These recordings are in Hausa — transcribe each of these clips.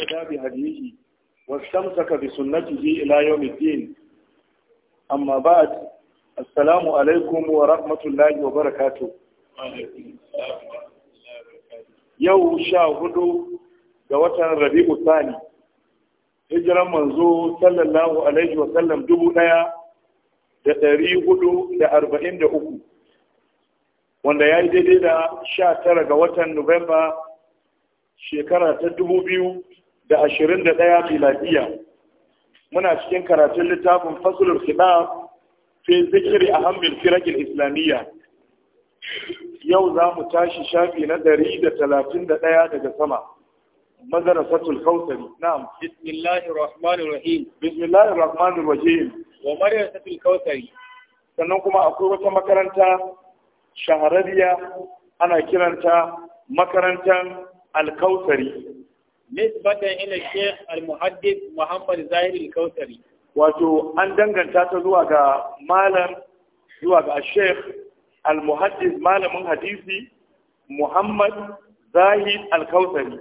اهتدى بهديه واستمسك بسنته إلى يوم الدين أما بعد السلام عليكم ورحمة الله وبركاته yau sha hudu ga watan rabi'u sani hijiran manzo sallallahu alaihi wa sallam dubu daya da dari hudu da arba'in da uku wanda ya yi daidai da sha tara ga watan nuwamba shekara ta dubu biyu da ashirin da ɗaya miladiya muna cikin karatun littafin fasulun khidab fi zikiri a hamil firakin islamiyya yau za mu tashi shafi na dari da talatin da ɗaya daga sama madarasatul kausari na'am bismillahir rahmanir rahim bismillahir rahmanir rahim wa satul kautari sannan kuma akwai wata makaranta shahararriya ana kiranta makarantar alkautari nisbatan ila Sheikh al-Muhaddith Muhammad Zahir al wato an danganta ta zuwa ga malam zuwa ga Sheikh al malamin hadisi Muhammad Zahir al-Kautsari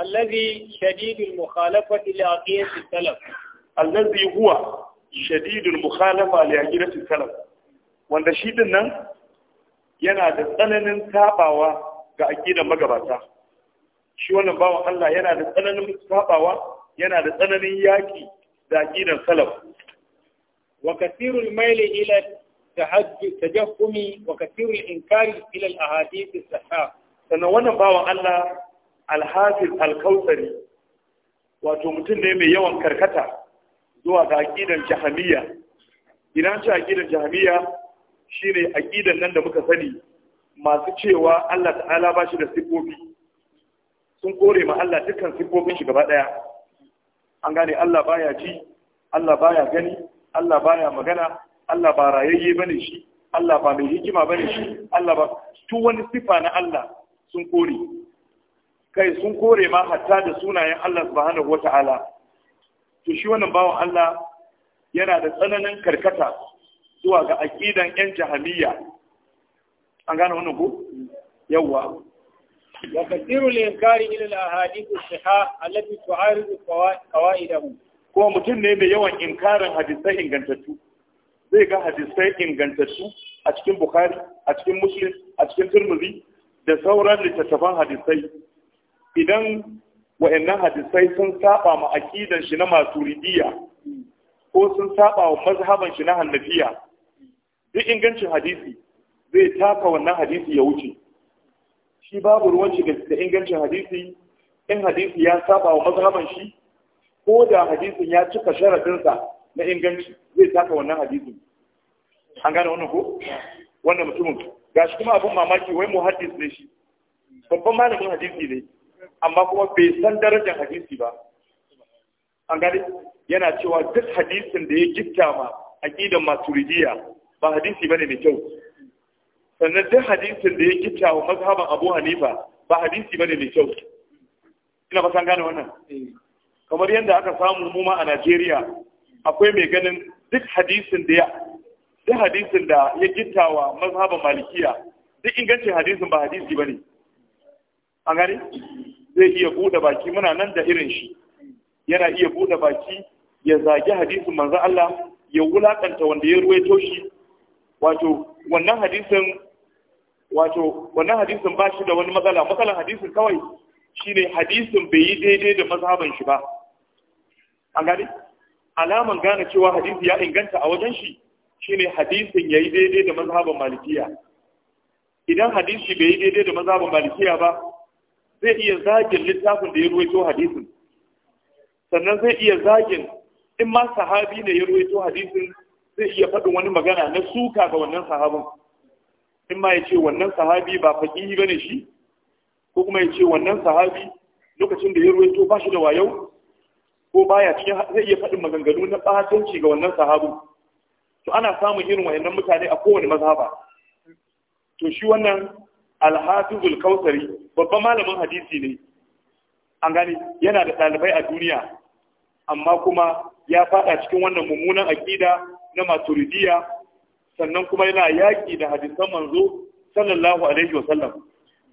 الذي شديد المخالفة لعقيدة السلف الذي هو شديد المخالفة لعقيدة السلف wanda shi din nan yana da tsananin tabawa ga aqidar magabata shi wannan bawan Allah yana da tsananin sabawa yana da tsananin yaki da aqidar salaf wa kathirul maili ila tajahhumi wa kathirul inkari ila al ahadith as sahha sannan wannan bawan Allah al-hafiz al-kautsari wato mutum ne mai yawan karkata zuwa ga aqidan jahamiyya idan ci aqidan jahamiyya shine aqidan nan da muka sani masu cewa Allah ta'ala ba da sifofi sun kore ma Allah dukkan siffofin shi gaba daya an gane Allah baya ji Allah baya gani Allah baya magana Allah ba rayayye bane shi Allah ba mai hikima bane shi Allah ba tu wani sifa na Allah sun kore kai sun kore ma hatta da sunayen Allah subhanahu wataala to shi wannan bawan Allah yana da tsananin karkata zuwa ga aqidan yan jahiliya an gane wannan ko yawwa وكثير الإنكار إلى الأحاديث الصحاح التي تعارض قواعده ko mutum ne mai yawan inkarin hadisai ingantattu zai ga hadisai ingantattu a cikin bukhari a cikin muslim a cikin turmuzi da sauran littattafan hadisai idan wa'annan hadisai sun saba ma aqidan shi na maturidiyya ko sun saba wa mazhaban shi na hannafiya duk ingancin hadisi zai taka wannan hadisi ya wuce shi babu ruwan shi da ingancin hadisi in hadisi ya saba wa mazhaban shi ko da hadisin ya cika sharadinsa na inganci zai taka wannan hadisin an gane wannan ko wannan mutumin gashi kuma abin mamaki wai muhaddis ne shi babban malamin hadisi ne amma kuma bai san darajar hadisi ba an gane yana cewa duk hadisin da ya gitta ma aqidan maturidiyya ba hadisi bane mai kyau sannan duk hadisin da ya kitta wa mazhaban Abu Hanifa ba hadisi bane mai kyau ina fatan gane wannan eh. kamar yadda aka samu mu ma a Najeriya akwai mai ganin duk hadisin da ya duk hadisin da ya kitta wa mazhaban Malikiya duk ingancin hadisin ba hadisi bane an gane zai iya bude baki muna nan da irin shi yana iya bude baki ya zagi hadisin manzo Allah ya wulakanta wanda ya ruwaito shi wato wannan hadisin wato wannan hadisin ba shi da wani matsala matsalan hadisin kawai shine hadisin bai yi daidai da mazhaban shi ba an gani alaman gane cewa hadisi ya inganta a wajen shi shine hadisin yayi daidai da mazhaban malikiya idan hadisi bai yi daidai da mazhaban malikiya ba zai iya zagin littafin da ya ruwaito hadisin sannan zai iya zagin in ma sahabi ne ya ruwaito hadisin zai iya faɗin wani magana na suka ga wannan sahabin in ma ya ce wannan sahabi ba faƙi ba ne shi ko kuma ya ce wannan sahabi lokacin da ya to ba shi da wayo ko baya cikin zai iya faɗin maganganu na ɓatanci ga wannan sahabu to ana samun irin wayannan mutane a kowane mazhaba to shi wannan alhafizul kausari babban malamin hadisi ne an gani yana da ɗalibai a duniya amma kuma ya faɗa cikin wannan mummunan aƙida na maturidiyya sannan kuma yana yaƙi da hadisan manzo sallallahu alaihi wa sallam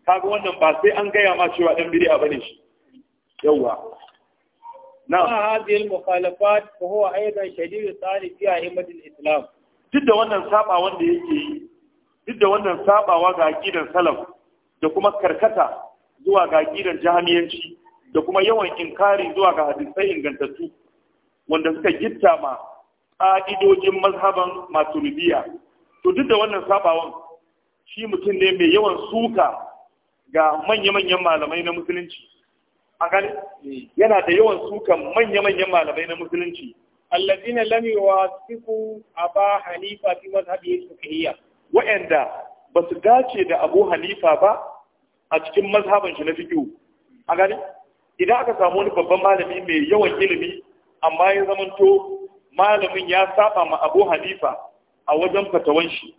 kaga wannan ba sai an gaya ma cewa dan bid'a bane shi yawa na hadhihi al-mukhalafat fa huwa aidan shadid al fi ahmad al-islam duk wannan saba wanda yake yi duk da wannan sabawa ga aqidan salaf da kuma karkata zuwa ga aqidan jahamiyanci da kuma yawan inkari zuwa ga hadisai ingantattu wanda suka gitta ma ƙa'idojin mazhaban maturidiya to duk da wannan sabawan shi mutum ne mai yawan suka ga manya-manyan malamai na musulunci a gani eh. yana da yawan sukan manya-manyan malamai na musulunci allazina lam yuwasiqu aba hanifa fi mazhabi fiqhiyya wa'anda ba su dace da abu hanifa ba a cikin mazhaban shi na fiqh a gani idan aka samu wani babban malami mai yawan ilimi amma ya zamanto malamin ya saba ma abu hanifa a wajen fatawan shi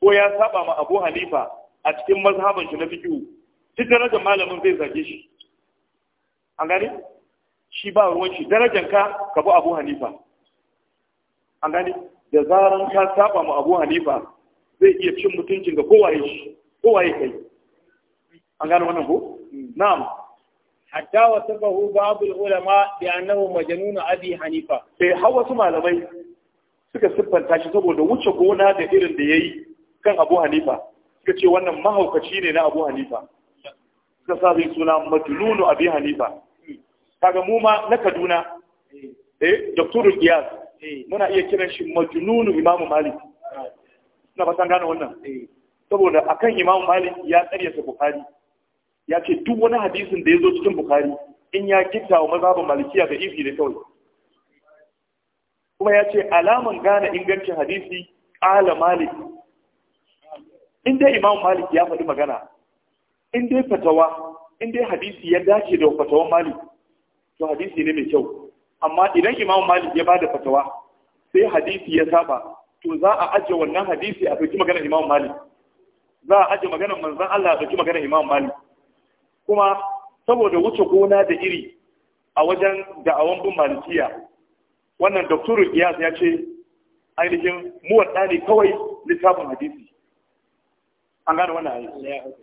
ko ya saba ma abu hanifa a cikin mazhaban shi na fiqh shi darajar malamin zai zage shi an gane shi ba ruwan shi darajar ka ka bu abu hanifa an gane da zaran ka saba ma abu hanifa zai iya cin mutuncin ga kowa shi kowaye kai an gane wannan ko na'am حتى وصفه بعض العلماء ulama مجنون annahu majnun في hanifa sai لمي su malamai suka siffanta shi saboda wuce gona da irin da yi kan abu hanifa suka ce wannan mahaukaci ne na abu hanifa suka sa zai suna majnun abi hanifa kaga mu ma na Kaduna eh, eh doktorul Iyas eh. muna iya kiran shi majnun imam malik na fatan gane wannan eh. saboda akan imam malik ya karyata bukhari ya ce duk wani hadisin da ya zo cikin bukari in ya kinta wa mazhabin malikiya da ifi da kawai kuma ya ce alaman gane ingancin hadisi ala malik in dai imam malik ya faɗi magana in dai fatawa in dai hadisi ya dace da fatawan malik to hadisi ne mai kyau amma idan imam malik ya bada fatawa sai hadisi ya saba to za a ajiye wannan hadisi a ɗauki maganar imam malik za a ajiye maganar manzan Allah a ɗauki maganar imam malik kuma saboda wuce gona da iri a wajen da'awan bin malikiya wannan Doktor iyas ya ce ainihin muwadda ne kawai littafin hadisi an gane wannan hadisi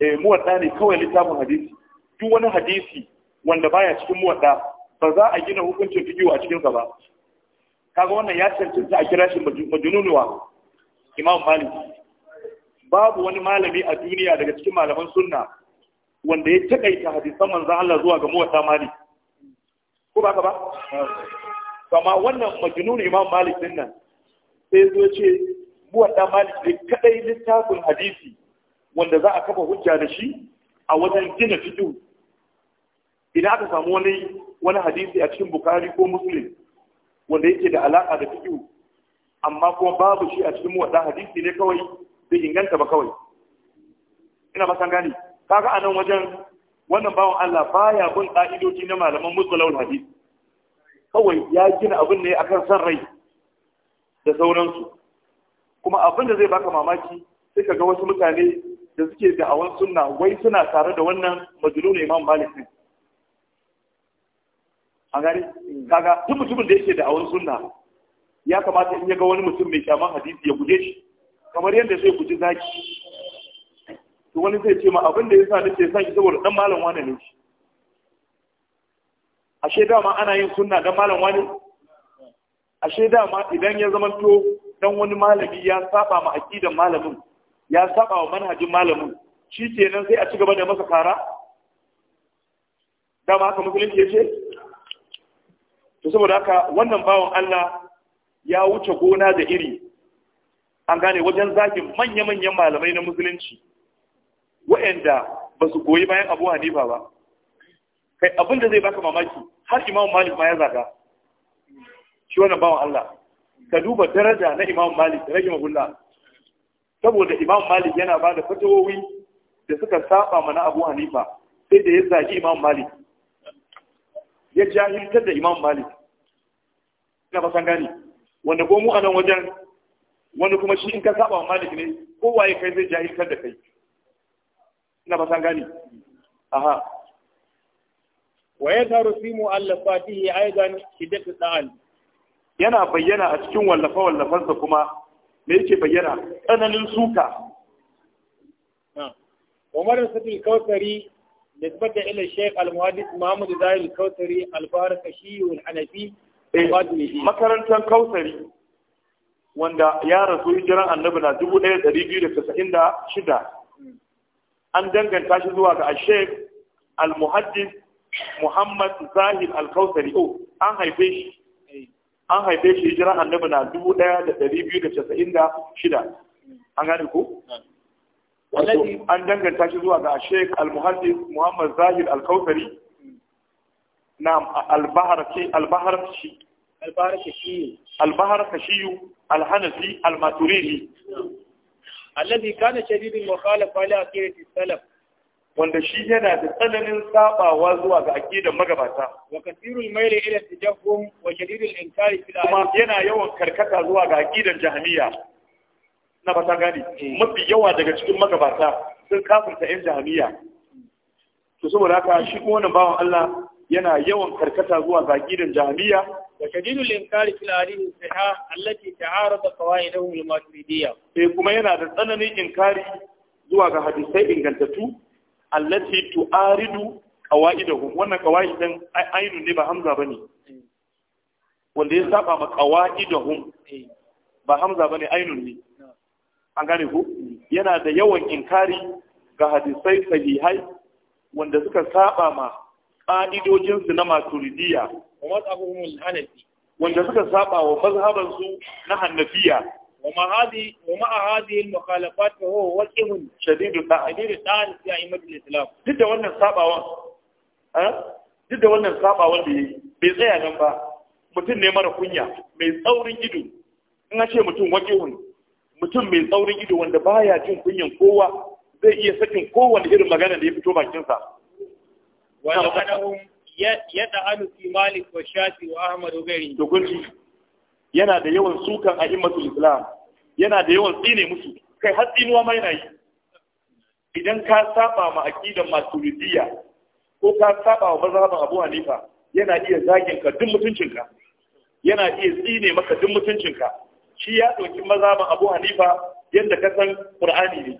eh muwadda ne kawai littafin hadisi duk wani hadisi wanda baya cikin mu muwadda ba za a gina hukuncin fiqh a cikin sa ba kaga wannan ya cancanta a kira shi majnunuwa imam malik babu wani malami a duniya daga cikin malaman sunna wanda ya takaita hadisan manzan Allah zuwa ga muwatta Mali. ko ba ka ba amma wannan majnun imam malik din nan sai zo ce muwatta malik ne kadai littafin hadisi wanda za a kafa hujja da shi a wajen gina fitu idan aka samu wani wani hadisi a cikin bukari ko muslim wanda yake da alaka da fitu amma kuma babu shi a cikin muwatta hadisi ne kawai bai inganta ba kawai ina ba san gani kaga anan wajen wannan bawan Allah baya bin ka'idoji na malaman musulun hadis kawai ya gina abin ne akan san rai da sauransu kuma abin da zai baka mamaki sai ka ga wasu mutane da suke da'awan sunna wai suna tare da wannan majnun imam malik ne a gari kaga duk mutumin da yake da'awan sunna ya kamata in ya ga wani mutum mai kyaman hadisi ya guje shi kamar yadda zai guji zaki to wani zai ce ma abin da yasa nake son saboda dan malam wani ne shi ashe dama ana yin sunna dan malam wani ashe dama idan ya to dan wani malami ya saba ma aqidan malamin ya saba wa manhajin malamin shi kenan sai a ci gaba da masa kara dama haka musulunci ya ce to saboda haka wannan bawan Allah ya wuce gona da iri an gane wajen zagin manya-manyan malamai na musulunci wa'anda ba su goyi bayan abu hanifa ba kai abin da zai baka mamaki har imam malik ma ya zaga shi wannan bawan Allah ka duba daraja na imam malik rage magulla saboda imam malik yana ba da fatawowi da suka saba mana abu hanifa sai da ya zagi imam malik ya jahiltar da imam malik ina ba san gani wanda ko mu a nan wajen wani kuma shi in ka saba malik ne kowaye kai zai jahiltar da kai ina ba san gani aha wa yadharu fi mu'allafatihi aidan shiddatu da'an yana bayyana a cikin wallafa wallafansa kuma me yake bayyana tsananin suka Umar Sadi Kautari nisbata ila Sheikh al Mahmud Muhammad Zahir Kautari Al-Farqashi wal Hanafi eh, makarantar Kautari wanda ya rasu hijiran annabi na 1296 an danganta shi zuwa ga ashek al-muhaddis muhammad zahid al-kausari o oh, an haife shi an haife shi hijira annabi na dubu ɗaya da ɗari biyu da casa'in da shida an gane ko an danganta shi zuwa ga sheik al-muhaddis muhammad zahid al-kausari na albahar shi albahar kashiyu al-hanafi al-maturidi allazi kana shadidul mukhalafa li aqidati salaf wanda shi yana da tsananin sabawa zuwa ga aqidar magabata wa kathirul mayli ila tajahhum wa shadidul inkari fil kuma yana yawan karkata zuwa ga aqidar jahmiya na fata gani eh. mafi yawa daga cikin magabata sun kafirta yan jahmiya to saboda haka shi kuma wannan bawan Allah yana yawan karkata zuwa ga aqidan da kadidul inkari fil hadith sahih allati ta'arada qawaidahu lil maturidiyya eh kuma yana da tsananin inkari zuwa ga hadisai ingantattu allati tu'aridu qawaidahu wannan qawaidan ainu ne ba hamza bane eh. wanda ya saba ma qawaidahu eh. ba hamza bane ainu ne an gane ku yana da yawan inkari ga hadisai sahihai wanda suka saba ma ƙa'idojinsu na maturidiya wanda suka saba wa mazhabansu na hannafiya ومع هذه المخالفات فهو وجه شديد شديد الطعن في أئمة الإسلام ضد wannan sabawan duk da wannan sabawan da bai tsaya nan ba mutum ne mara kunya mai tsaurin ido in ce mutum wajihun mutum mai tsaurin ido wanda baya jin kunyan kowa zai iya sakin kowane irin magana da ya fito bakinsa wala anahum yad'alu fi malik wa shafi wa ahmad wa ghairi yana da yawan sukan a'immatul islam yana da yawan tsine musu kai har tsinuwa ma yana yi idan ka saba ma aqidan maturidiyya ko ka saba wa mazhaban abu hanifa yana iya zagin ka duk mutuncinka yana iya tsine maka duk mutuncinka shi ya ɗauki mazhaban abu hanifa yadda ka san qur'ani ne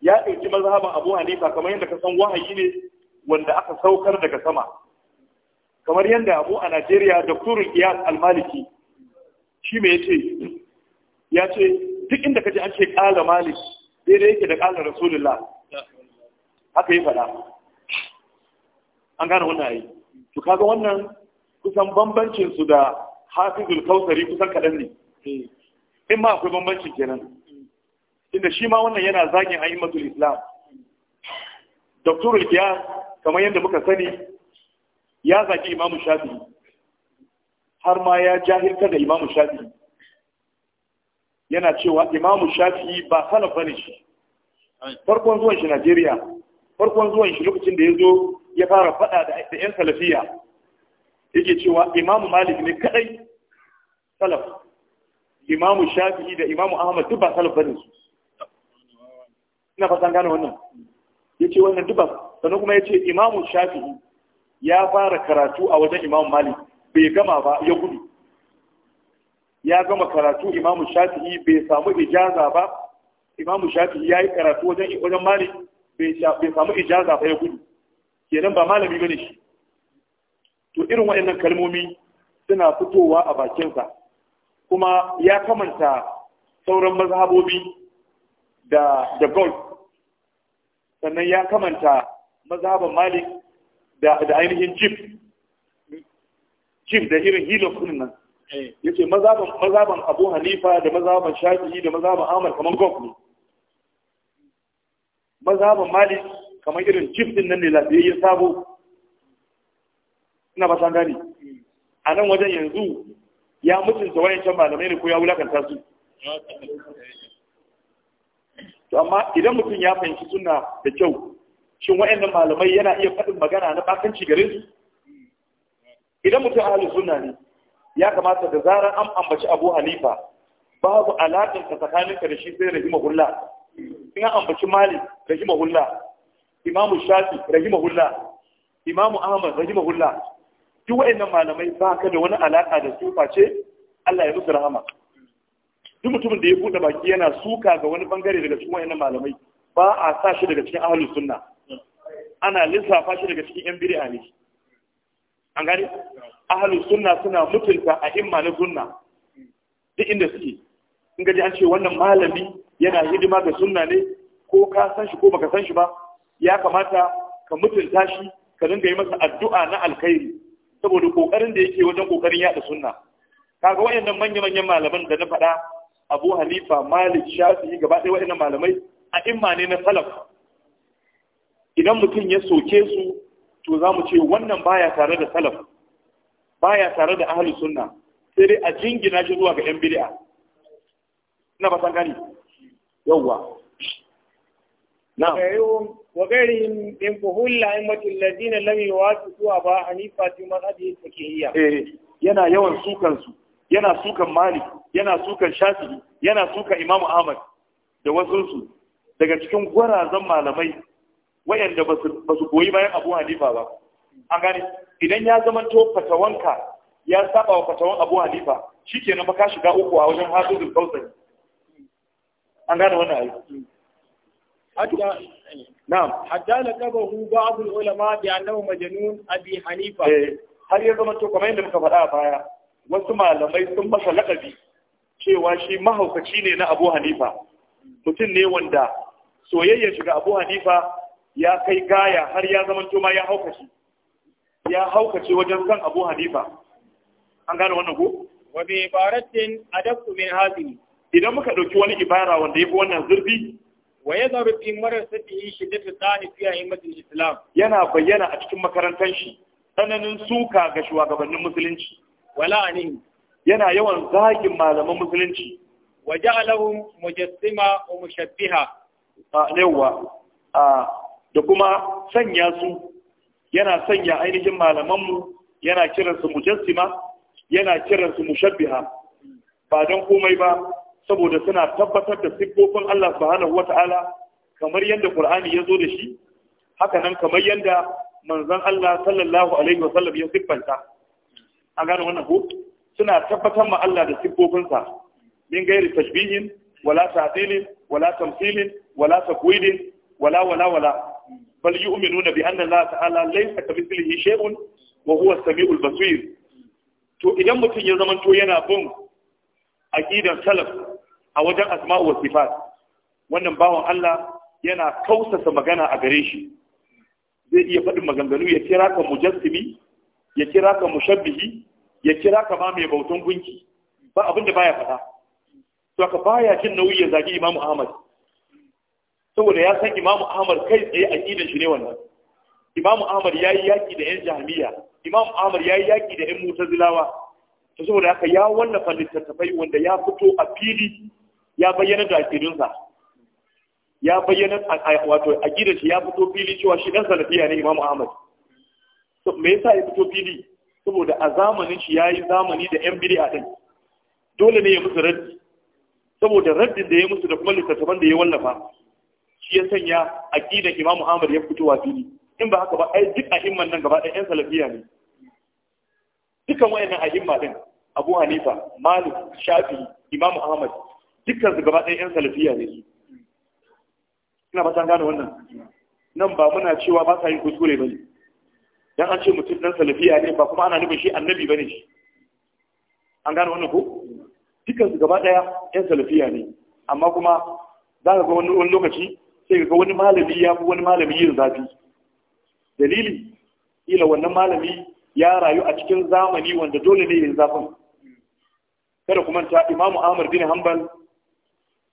ya ɗauki mazhaban abu hanifa kamar yadda ka san wahayi ne wanda aka saukar daga sama kamar yadda abu a najeriya da kurin iya almaliki shi mai ya ce ya ce duk inda ka ji an ce ƙala malik daidai yake da ƙala rasulullah haka yi faɗa an gane wannan ayi to kaga wannan kusan bambancin su da hafizul kausari kusan kaɗan ne eh. in ma akwai bambancin kenan inda shi ma wannan yana zagin a'immatul islam doktorul qiyas kamar yadda muka sani ya zagi imamu Shafi. har ma ya jahilta da imamu Shafi. yana cewa imamu Shafi ba salaf bane shi farkon zuwan shi Najeriya farkon zuwan shi lokacin da ya zo ya fara faɗa da 'yan salafiya yake cewa imamu malik ne kadai salaf imamu Shafi da imamu ahmad duk ba salaf bane su ina fatan gane wannan Ya ce wannan duba sannan kuma ya ce imamu shafi'i ya fara karatu a wajen Imam malik bai gama ba ya gudu ya gama karatu imamu shafi'i bai samu ijaza ba imamu shafi'i ya yi karatu wajen wajen malik bai samu ijaza ba ya gudu kenan ba malami bane shi to irin waɗannan kalmomi suna fitowa a bakinsa kuma ya kamanta sauran mazhabobi da da golf sannan ya kamanta mazhaban malik da da ainihin jib jib da irin hilo kunin nan eh. yace mazhaban mazhaban abu hanifa da mazhaban shafi'i da mazhaban ahmad kaman gof ne mazhaban malik kamar irin jib din nan ne lafiyayyen sabo ina ba san gani a nan wajen yanzu ya mutunta wayancan malamai ne ko ya wulakanta su eh. to amma idan mutum ya fahimci sunna da kyau shin wa'annan malamai yana iya faɗin magana na bakanci gare su idan mutum ahli sunna ne ya kamata da zarar an ambaci Abu halifa babu alaƙar ka tsakaninka da shi sai rahimahullah in an ambaci Malik rahimahullah imamu Shafi rahimahullah Imam Ahmad rahimahullah duk wa'annan malamai ka da wani alaƙa da su face Allah ya musu rahama duk mutumin da ya bude baki yana suka ga wani bangare daga cikin wayannan malamai ba a sa shi daga cikin ahlus sunna ana lissafa shi daga cikin yan bid'a ne an gane ahlus sunna suna mutunta a imma na sunna duk inda suke in gaji an ce wannan malami yana hidima ga sunna ne ko ka san shi ko baka san shi ba ya kamata ka mutunta shi ka dinga yi masa addu'a na alkhairi saboda kokarin da yake wajen kokarin yada sunna kaga wayannan manya-manyan malaman da na faɗa abu hanifa malik shafi'i gaba ɗaya waɗannan malamai a imma ne na salaf idan mutum ya soke su to za mu ce wannan baya tare da salaf baya tare da ahlus sunna sai dai a jingina shi zuwa ga yan bid'a ina ba san gani yawwa na'am وغيرهم من فهول الأئمة ladina lam يوافقوا أبا hanifa في مذهبه الفقهية. إيه yana yawan sukan su yana sukan malik yana sukan shafi'i yana sukan Imam ahmad da wasunsu daga cikin gwarazan malamai wayanda ba su goyi bayan abu hanifa ba an gane idan ya zama to fatawanka ya saba wa fatawan abu hanifa shikenan ba ka shiga uku a wajen da kausari an gane wannan ayi hadda na'am kaba laqabahu ba'd al-ulama bi annahu majnun abi hanifa eh, har ya zama to kamar yadda muka faɗa a baya wasu malamai sun masa laƙabi cewa shi mahaukaci ne na abu hanifa mutum ne wanda soyayyar shiga abu hanifa ya kai gaya har ya zama ma ya haukaci ya haukace wajen san abu hanifa an gane wannan ku? wa ibaratin adabtu min hadhihi idan muka ɗauki wani ibara wanda ya fi wannan zurfi wa marasa fi shi da tsani fi a'immatil islam yana bayyana a cikin makarantar shi tsananin suka ga shugabannin musulunci wala anihim yana yawan zagin malaman musulunci wa ja'alahum mujassima wa mushabbiha yawa da kuma sanya su yana sanya ainihin malaman mu yana kiransu mujassima yana kiransu mushabbiha ba don komai ba saboda suna tabbatar da siffofin Allah subhanahu wata'ala kamar yadda ƙur'ani ya zo da shi hakanan kamar yadda manzon Allah sallallahu alaihi wasallam ya siffanta an gane wannan ko suna tabbatar ma Allah da siffofinsa min gairi tashbihin wala ta'dilin wala tamthilin wala takwidin wala wala wala bal yu'minuna bi anna Allah ta'ala laysa mithlihi shay'un wa huwa as-sami'ul basir to idan mutum ya zama to yana bin aqidar salaf a wajen asma'u wa sifat wannan bawan Allah yana kausasa magana a gare shi zai iya faɗin maganganu ya kira ka mujassimi ya kira ka mushabbihi ya kira ka ba mai bautan gunki ba abin da baya faɗa to ka baya jin nauyi ya zagi Imam Ahmad saboda ya san Imam Ahmad kai tsaye kidan shi ne wannan Imam Ahmad yayi yaki da 'yan Jahmiya Imam Ahmad yayi yaki da yan Mu'tazilawa to saboda haka ya wallafa littattafai wanda ya fito a fili ya bayyana da aqidunsa ya bayyana wato gidan shi ya fito fili cewa shi dan salafiya ne Imam Ahmad me yasa ya fito fili saboda a zamanin shi yayi zamani da yan bid'a din dole ne ya musu raddi saboda raddin da ya musu da kuma littattafan da ya wallafa shi ya sanya aqidar Imam Ahmad ya fito fili in ba haka ba ai duk ahimman nan gaba ɗaya yan salafiya ne dukan wayannan ahimma din Abu Hanifa Malik Shafi'i Imam Ahmad dukkan su gaba ɗaya yan salafiya ne Kina ina ba gane wannan nan ba muna cewa ba sa yin kuskure ba ne dan an ce mutum dan salafiya ne ba kuma ana nufin shi annabi bane shi an gane wannan ko dukkan su gaba daya yan salafiya ne amma kuma za ka ga wani wani lokaci sai ga wani malami ya fi wani malami yin zafi dalili ila wannan malami ya rayu a cikin zamani wanda dole ne yin zafin kada kuma ta imamu Ahmad bin hanbal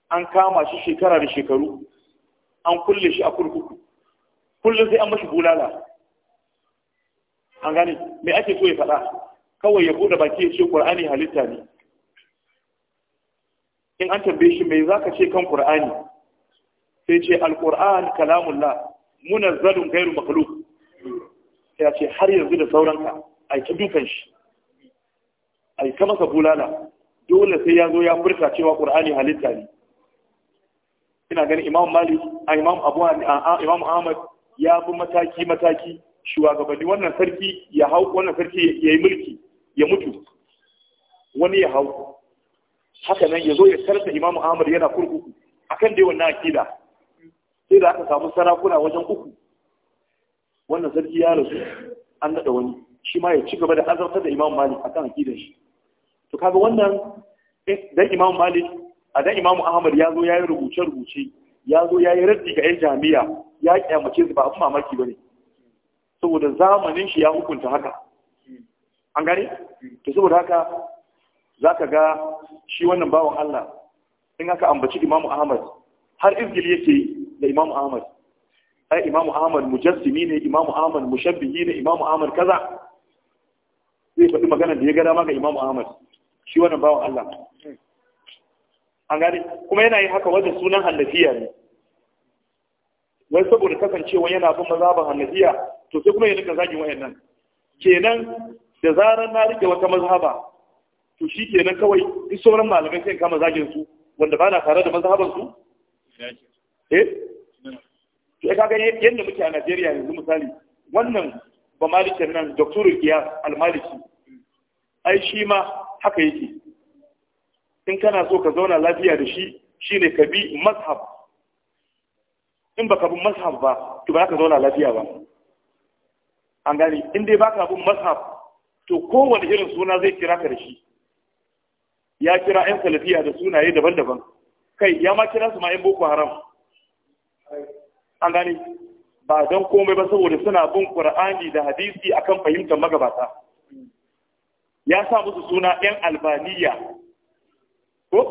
an kama shi shekara da shekaru an kulle shi a kurkuku kullum sai an mashi bulala an gane me ake so ya faɗa kawai ya buɗe baki ya ce qur'ani halitta ne in an tambaye shi me zaka ce kan ƙur'ani sai ce alƙur'an kalamullah munazzalun gairu makhluq sai ya ce har yanzu da sauranka ai ta dukan shi ai kama masa bulala dole sai ya zo ya furta cewa ƙur'ani halitta ne ina ganin imam malik imam abu imam ahmad ya bi mataki mataki shugabanni wannan sarki ya hau wannan sarki ya yi mulki ya mutu wani ya hau haka nan ya zo ya sarta imamu ahmad yana kurkuku akan dai wannan akida sai da aka samu sarakuna wajen uku wannan sarki ya rasu an nada wani shi ma ya ci gaba da azabtar da imam malik akan akidar shi to kaga wannan eh, dan imam malik a dan imam ahmad ya zo ya yi rubuce rubuce ya zo ya yi raddi ga yan jami'a ya kyamace su ba abin mamaki bane saboda zamanin shi ya hukunta haka an gane to saboda haka za ka ga shi wannan bawan Allah in aka ambaci Imam ahmad har izgili yake da Imam ahmad ai Imam ahmad mujassimi ne Imam ahmad mushabbihi ne Imam ahmad kaza zai faɗi magana da ya gada ma ga Imam ahmad shi wannan bawan Allah an gane kuma yana yi haka wajen sunan hannafiya ne wai saboda kasancewa yana bin mazhaban hannafiya to sai kuma ya rika zagin wayannan kenan da zarar na rike wata mazhaba to shi kenan kawai in sauran malamai sai kama zagin su wanda ba na tare da mazhaban su eh to ka ga yadda muke a Najeriya yanzu misali wannan ba malikin nan doktor kiya al-Maliki ai shi ma haka yake in kana so ka zauna lafiya da shi shine ka bi mazhab in baka bi mazhab ba to ba ka zauna lafiya ba an gani in dai baka abin mashab to kowane irin suna zai kira ka da shi ya kira yan salafiya da sunaye daban-daban kai ya ma kira su ma yan boko haram an gani ba don komai ba saboda suna bin qur'ani da hadisi akan fahimtar magabata ya sa musu suna yan albaniya ko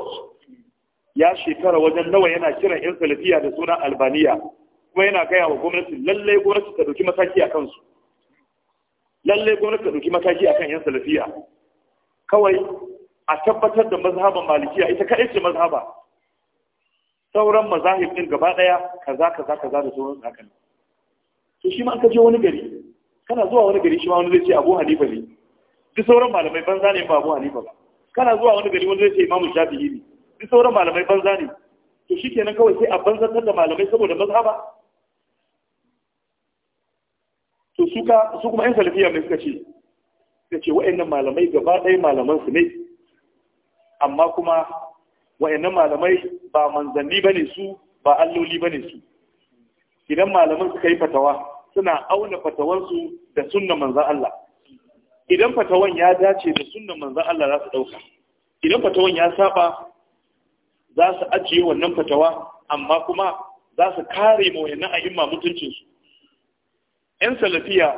ya shekara wajen nawa yana kiran yan salafiya da suna albaniya kuma yana gaya wa gwamnati lallai gwamnati ta dauki mataki a kansu lalle gwamnati ta ɗauki mataki akan yan salafiya kawai a tabbatar da mazhaban malikiya ita kaɗai ce mazhaba sauran mazahib din gaba ɗaya kaza kaza kaza da sauran ne. to shi ma an kaje wani gari kana zuwa wani gari shi ma wani zai ce Abu Hanifa ne duk sauran malamai banza ne ba Abu Hanifa ba kana zuwa wani gari wani zai ce Imamu Shafi'i ne duk sauran malamai banza ne to shikenan kawai sai a banzantar da malamai saboda mazhaba su ka su kuma yan salafiya mai suka ce da ce wa'annan malamai gaba ɗaya malaman su ne amma kuma wa'annan malamai ba manzanni ne su ba alloli ne su idan malaman suka yi fatawa suna auna fatawansu da sunnan manzan Allah idan fatawan ya dace da sunnan manzan Allah za su ɗauka idan fatawan ya saba za su ajiye wannan fatawa amma kuma za su kare ma wa'annan a'imma mutuncinsu 'yan salafiya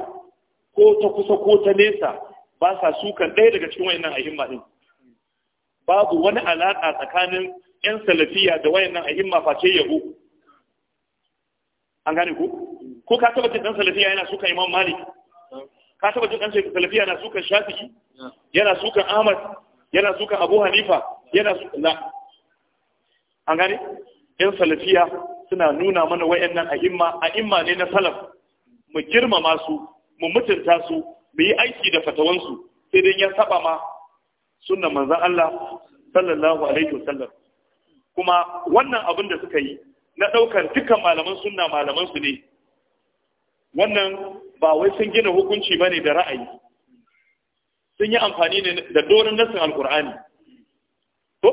ko ta kusa ko ta nesa ba sa sukan ɗaya daga cikin wayannan ahimma ɗin babu wani alaƙa tsakanin 'yan salafiya da wayannan ahimma face yabo an gane ku ko ka taba jin ɗan salafiya yana sukan imam malik ka taba jin ɗan salafiya na sukan shafi'i yana sukan ahmad yana sukan abu hanifa yana sukan la an gane 'yan salafiya suna nuna mana wayannan ahimma ahimma ne na salaf mu girmama su mu mutunta su mu yi aiki da fatawansu sai dai ya saba ma sunnan manzon Allah sallallahu alaihi wasallam kuma wannan abin da suka yi na ɗaukar dukkan malaman sunna malaman su ne wannan ba wai sun gina hukunci ba ne da ra'ayi sun yi amfani ne da dorin nasin alkur'ani to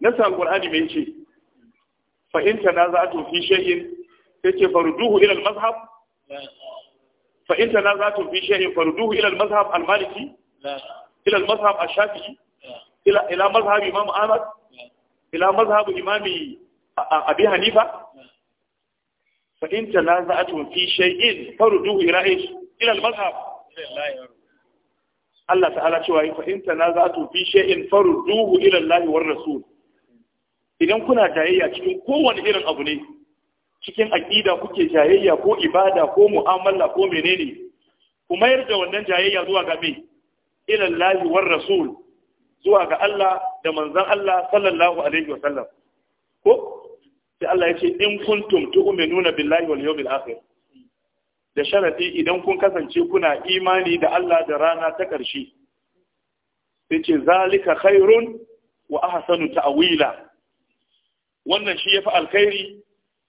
nasin alkur'ani mai ce fahimta na za a tofi shayin sai ce faruduhu ilal mazhab fa in tanaza'tum fi shay'in farduhu ila al-mazhab al-maliki ila al-mazhab ash-shafi'i ila ila mazhab imam ahmad ila mazhab imam abi hanifa fa in tanaza'tum fi shay'in farduhu ila ايش ila al-mazhab Allah ta'ala cewa fa in tanaza'tum fi shay'in farduhu ila Allah war rasul idan kuna jayayya cikin kowane irin abu ne cikin aƙida kuke jayayya ko ibada ko mu'amala ko menene ku mayar da wannan jayayya zuwa ga me ilallahi war rasul zuwa ga Allah da manzon Allah sallallahu alaihi wa sallam ko sai Allah ya ce in kuntum tu'minuna billahi wal yawmil akhir da sharadi idan kun kasance kuna imani da Allah da rana ta ƙarshe sai ce zalika khairun wa ahsanu ta'wila wannan shi yafi alkhairi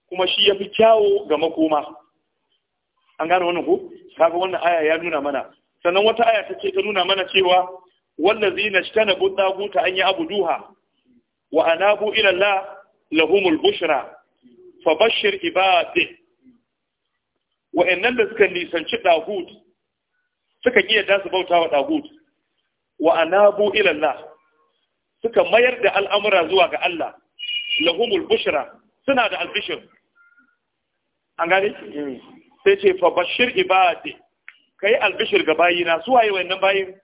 kuma shi ya fi kyawo ga makoma an gane wannan ku kaga wannan aya ya nuna mana sannan wata aya ta ce ta nuna mana cewa wallazina gudda guta an yi abuduha wa anabu ilalla, lahumul bushra Wa ibadi nan da suka nisanci dagut suka iya dasu su bautawa dagut wa anabu bu ilalla, suka mayar da al'amura zuwa ga Allah lahumul bushra suna da albishir an gane mm. sai ce fa bashir ibadi kai albishir ga bayina su waye wayannan bayin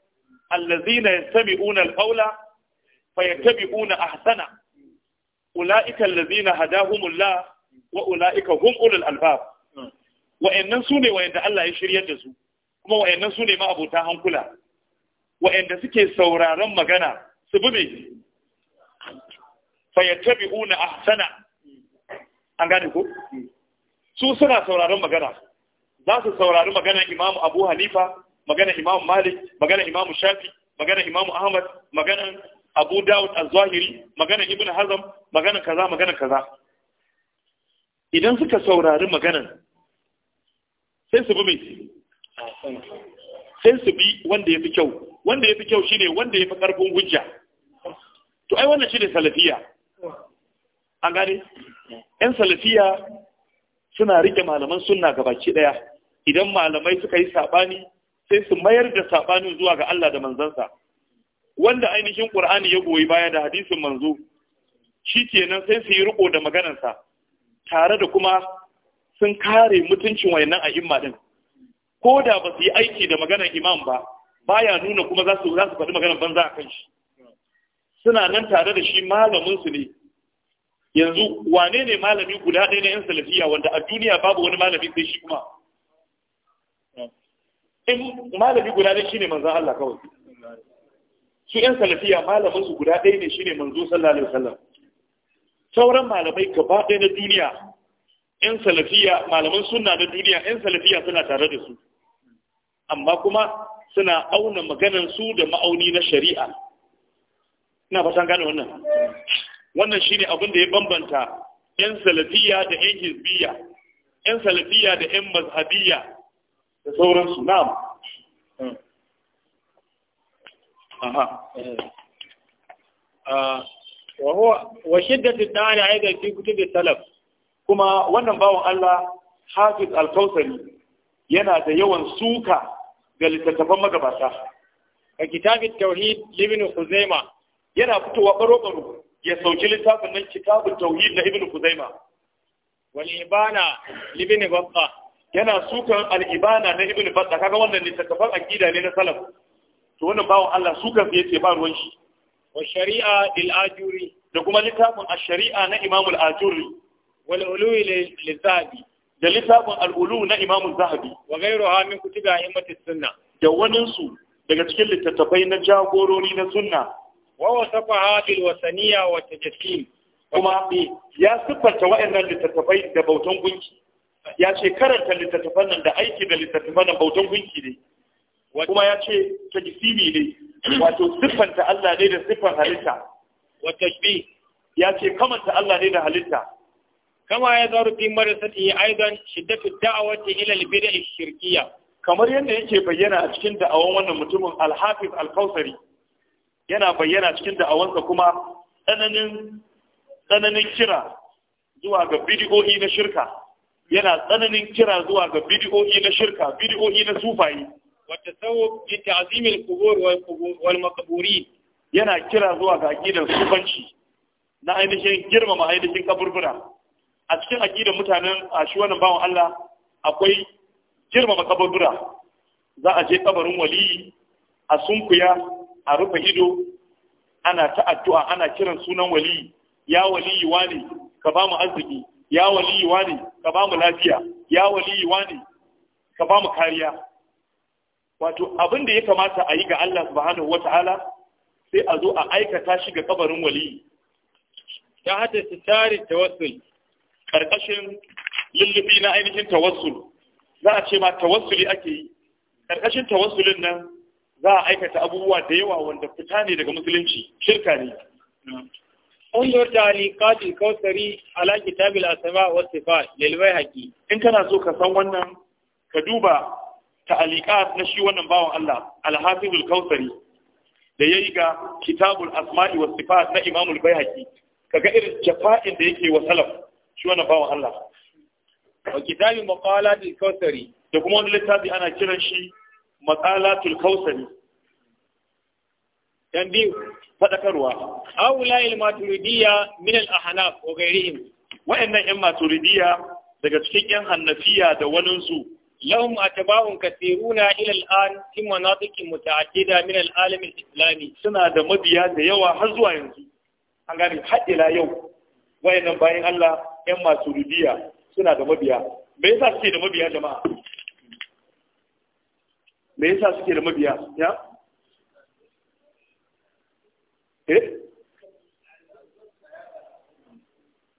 allazina yastabi'una alqawla fa yattabi'una ahsana ulaika allazina hadahumullah wa ulaika hum ulul albab mm. wayannan sune wayanda Allah ya shiryar da su kuma wayannan sune ma abota hankula wayanda suke sauraron magana su bi me fa yattabi'una ahsana an gane ko su suna sauraron magana za su saurari magana imam abu hanifa magana imam malik magana imam shafi magana imam ahmad magana abu dawud az-zahiri magana ibn hazm magana kaza magana kaza idan suka saurari magana sai su bi mai sai su bi wanda ya fi kyau wanda ya fi kyau shine wanda ya fi karfin hujja to ai wannan shine salafiya an gane yan salafiya suna rike malaman sunna gabaki ɗaya, idan malamai suka yi saɓani sai su mayar da sabanin zuwa ga Allah da manzansa wanda ainihin ƙur'ani ya goyi baya da hadisin manzo shi kenan sai su yi riko da maganarsa tare da kuma sun kare mutuncin wayannan a'imma din ko da ba su yi aiki da maganar imam ba baya nuna kuma za su faɗi maganar banza a shi suna nan tare da shi malamin su ne yanzu wane ne malami guda ɗaya na 'yan salafiya wanda a duniya babu wani malami sai shi kuma in malami guda ɗaya shine manzan Allah kawai su 'yan salafiya malamin su guda ɗaya ne shine manzo sallallahu alaihi wasallam sauran malamai gaba ɗaya na duniya 'yan salafiya malaman sunna na duniya 'yan salafiya suna tare da su amma kuma suna auna maganan su da ma'auni na shari'a ina fatan gane wannan wannan shine abin da ya bambanta yan salafiya da yan hizbiya yan salafiya da yan mazhabiya da sauransu na'am aha eh, wa huwa wa shiddatu da'ani aidan fi kutubi salaf kuma wannan bawan Allah Hafiz al yana da yawan suka ga littattafan magabata a kitabit tauhid ibn huzaima yana fitowa baro baro ya sauki littafin nan kitabun tauhid na ibnu kuzaima wal ibana ibn batta yana sukan al ibana na ibnu batta kaga wannan takafan akida ne na salaf to wannan bawo Allah sukan sa yace ba ruwan shi wa shari'a lil ajuri da kuma littafin ash-shari'a na imam al ajuri wal ulumi lil zahabi da littafin al ulum na imam zahabi wa ghayruha min kutubi a'immatis sunna da su daga cikin littattafai na jagorori na sunna saniya wa tajassim kuma ya siffanta wa'annan littattafai da bautan gunki ya ce karanta littattafan nan da aiki da littattafan nan bautan gunki ne kuma ya ce tajassimi ne wato siffanta Allah ne da siffan halitta wa tashbih ya ce kamanta Allah ne da halitta kama ya zaru fi marasati aidan shiddatu da'awati ila al-bid'ah shirkiyya kamar yadda yake bayyana a cikin da'awan wannan mutumin al-hafiz al-kausari al hafiz al kausari yana bayyana cikin da'awansa kuma tsananin tsananin kira zuwa ga bidiyoyi na shirka yana tsananin kira zuwa ga bidiyoyi na shirka bidiyoyi na sufayi wata sau bi ta'zimil qubur wal maqburin yana kira zuwa ga aqidar sufanci na ainihin girmama ainihin kaburbura a cikin aqidar mutanen a shi wannan bawon Allah akwai girmama kaburbura za a je kabarin waliyi a sunkuya a rufe ido ana ta addu'a ana kiran sunan wali ya waliyi wani ka ba mu arziki ya waliyi wani ka ba mu lafiya ya waliyi wani ka ba mu kariya wato abin da ya kamata a yi ga Allah subhanahu wata'ala sai a zo a aikata shi ga kabarin wali ta hada su tare tawassul karkashin lullubi na ainihin tawassul za a ce ma tawassuli ake yi karkashin tawassulin nan za a aikata abubuwa da yawa wanda fita ne daga musulunci shirka ne unzur ta'liqat al-kawthari ala kitab al-asma wa sifat lil bayhaqi in kana so ka san wannan ka duba ta'liqat na shi wannan bawan Allah al-hasib al-kawthari da yayi ga kitabul asma'i wa sifat na imam al-bayhaqi kaga irin jafa'in da yake wa salaf shi wannan bawan Allah wa kitabin maqalat al-kawthari da kuma wani littafi ana kiran shi matsalatul kausari dan biyu faɗakarwa awula il maturidiyya min al ahnaf wa ghairihim wa'annan yan maturidiya daga cikin yan hannafiya da waninsu lahum atba'un kathiruna ila al-an fi manatiqin muta'addida min al-alam al-islami suna da mabiya da yawa har zuwa yanzu an gane har ila yau wayannan bayan Allah yan maturidiya suna da mabiya me yasa suke da mabiya jama'a me yasa suke da mabiya ya eh?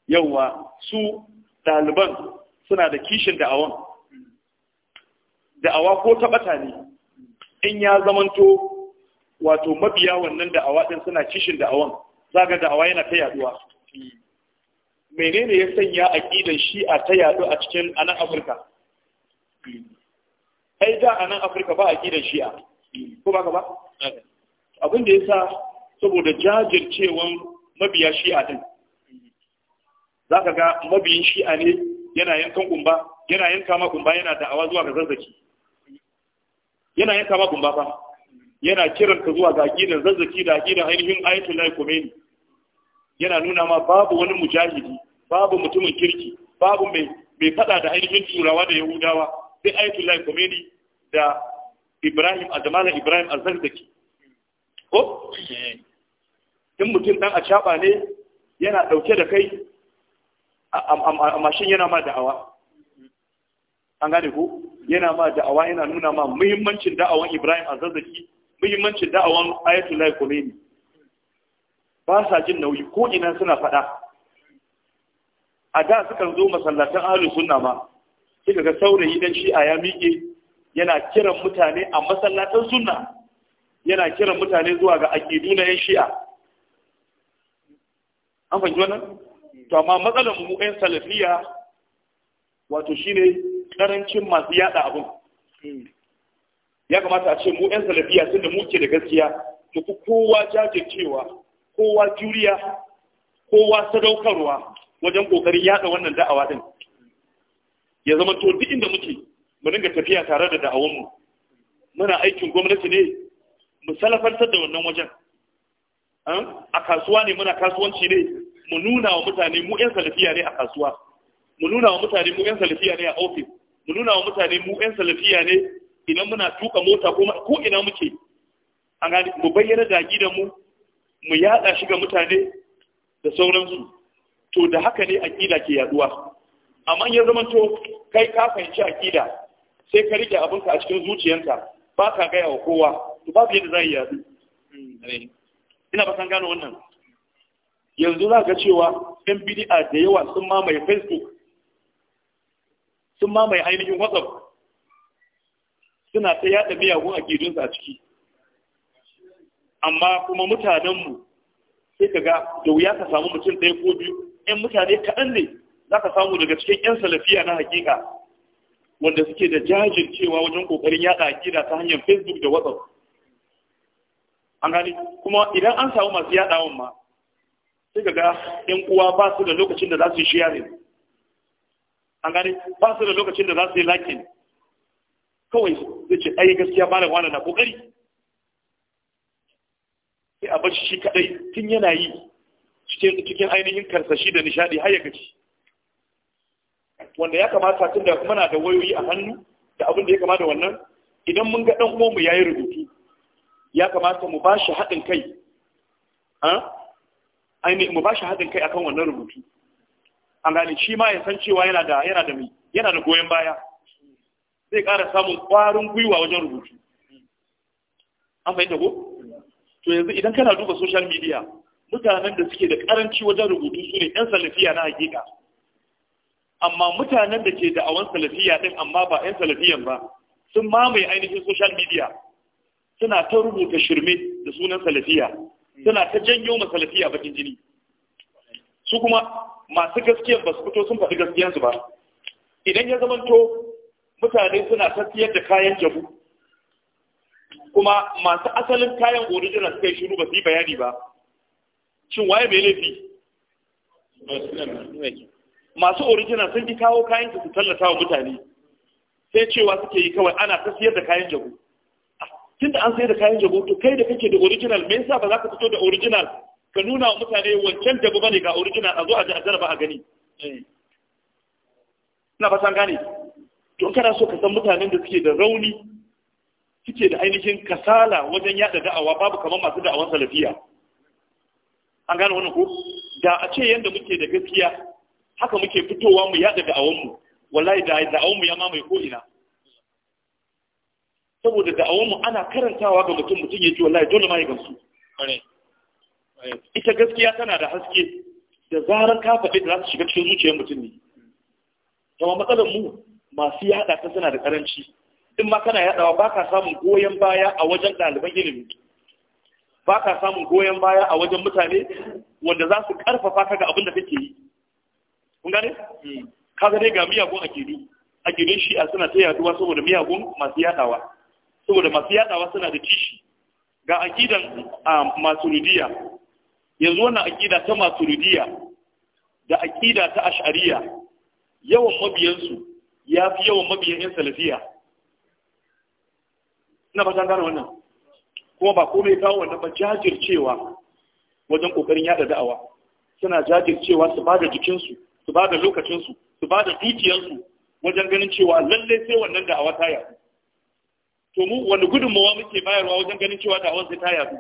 yawa su ɗaliban suna da kishin da'awan da'awa ko taɓata ne in ya zamanto wato mabiya wannan da'awa ɗin suna kishin da'awan zaga da da'awa yana ta yaduwa menene ya sanya aƙidan a ta yadu a cikin anan afirka ai da a nan afirka ba a ƙidan shi'a ko ba ka ba abin da ya sa saboda jajircewan mabiya shi'a din za ka ga mabiyin shi'a ne yana yankan kumba yana yanka ma kumba yana da'awa zuwa ga zazzaki yana yanka ma kumba ba yana kiran ka zuwa ga gidan zazzaki da gidan ainihin lahi khomeini yana nuna ma babu wani mujahidi babu mutumin kirki babu mai mai fada da ainihin turawa da yahudawa sai ayatollah komedi da ibrahim azamala ibrahim azardaki ko in mutum dan a caba ne yana dauke da kai a mashin yana ma da'awa an gane ko yana ma da'awa yana nuna ma muhimmancin da'awan ibrahim azardaki muhimmancin da'awan ayatollah komedi ba sa jin nauyi ko ina suna faɗa a da sukan zo masallatan ahlus sunna ma sai ga saurayi dan shi'a ya miƙe yana kiran mutane a masallatan sunna yana kiran mutane zuwa ga aƙidu na 'yan shi'a an fahimci wannan to amma matsalar mu 'yan salafiya wato shine karancin masu yada abun ya kamata a ce mu 'yan salafiya tunda muke da gaskiya to ku kowa jajircewa kowa juriya kowa sadaukarwa wajen kokarin yada wannan da'awa din ya zama to duk inda muke mu dinga tafiya tare da mu. muna aikin gwamnati ne mu salafantar da wannan wajen a kasuwa ne muna kasuwanci ne mu nuna wa mutane mu 'yan salafiya ne a kasuwa mu nuna wa mutane mu 'yan salafiya ne a ofis mu nuna wa mutane mu 'yan salafiya ne idan muna tuka mota ko ina muke an gani mu bayyana da mu mu yada shi ga mutane da sauransu to da haka ne aƙida ke yaduwa amma ya zama to kai ka fahimci akida sai ka rike ka a cikin zuciyarka ba ka gaya wa kowa to babu yadda za yi ina ba san gano wannan yanzu za ga cewa yan bid'a da yawa sun mamaye facebook sun mamaye ainihin whatsapp suna ta yada miyagun akidunsu a ciki amma kuma mutanenmu sai ka ga da wuya ka samu mutum ɗaya ko biyu 'yan mutane kaɗan ne za ka samu daga cikin 'yan salafiya na hakika wanda suke da jajircewa wajen kokarin yada akida ta hanyar facebook da whatsapp an gani kuma idan an samu masu yadawan ma sai ga yan uwa ba su da lokacin da za su yi sharing an gani ba su da lokacin da za su yi lakin kawai zai ce ayi gaskiya ba da wani na kokari sai a bar shi kadai tun yana yi cikin ainihin karsashi da nishadi har ya gaci wanda ya kamata tun da muna da wayoyi a hannu da abin da ya kama da wannan idan mun ga ɗan uwanmu ya yi rubutu ya kamata mu ba shi haɗin kai ainihin mu ba shi haɗin kai akan wannan rubutu A gane shi ma ya san cewa yana da yana da mai yana da goyon baya zai ƙara samun ƙwarin gwiwa wajen rubutu an fahimta ko to yanzu idan kana duba social media mutanen da suke da ƙaranci wajen rubutu su ne 'yan salafiya na hakika amma mutanen da ke da da'awan salafiya din amma ba 'yan salafiyan ba sun mamaye ainihin social media suna ta rubuta shirme da sunan salafiya suna ta janyo ma salafiya bakin jini su kuma masu gaskiyan ba su fito sun faɗi gaskiyansu ba idan ya zamanto mutane suna ta siyar da kayan jabu kuma masu asalin kayan original suka yi shiru ba su yi bayani ba shin waye mai laifi masu original sun ki kawo kayan su tallata wa mutane sai cewa suke yi kawai ana ta siyar da kayan jago ah, tunda an sayar da kayan jago to kai da kake da original me yasa ba za ka fito da original ka nuna wa mutane wancan jago bane ga original a zo a jaraba a gani eh. ina san gane to in kana so ka san mutanen da suke da rauni suke da ainihin kasala wajen yada da'awa babu kamar masu da'awar salafiya an gane wannan ko da a ce yanda muke da gaskiya haka muke fitowa mu yada mu, wallahi da mu ya mamaye ko ina saboda da'awanmu ana karantawa ga mutum mutum ya ji wallahi dole ma ya gamsu ita gaskiya tana da haske da zarar ka faɗi da za su shiga cikin zuciyar mutum ne kuma matsalar mu masu yada ta suna da karanci in ma kana yadawa ba ka samun goyon baya a wajen ɗaliban ilimi ba ka samun goyon baya a wajen mutane wanda za su karfafa ka ga abin da kake yi kun gane hmm. kaga dai ga miyagun a akidu akidun shi'a suna ta yaduwa saboda miyagun masu yadawa saboda masu yadawa suna da kishi ga akidan maturidiyya yanzu wannan akida ta maturidiyya da akida ta ashariya, yawan mabiyansu ya fi yawan mabiyan yan salafiya ina ba gane wannan kuma ba komai kawo wannan ba jajircewa wajen kokarin yada da'awa suna jajircewa su ba da jikinsu su ba da lokacinsu su ba da dukiyarsu wajen ganin cewa lalle sai wannan da awa ta yadu to mu wani gudunmawa muke bayarwa wajen ganin cewa da awa sai ta yadu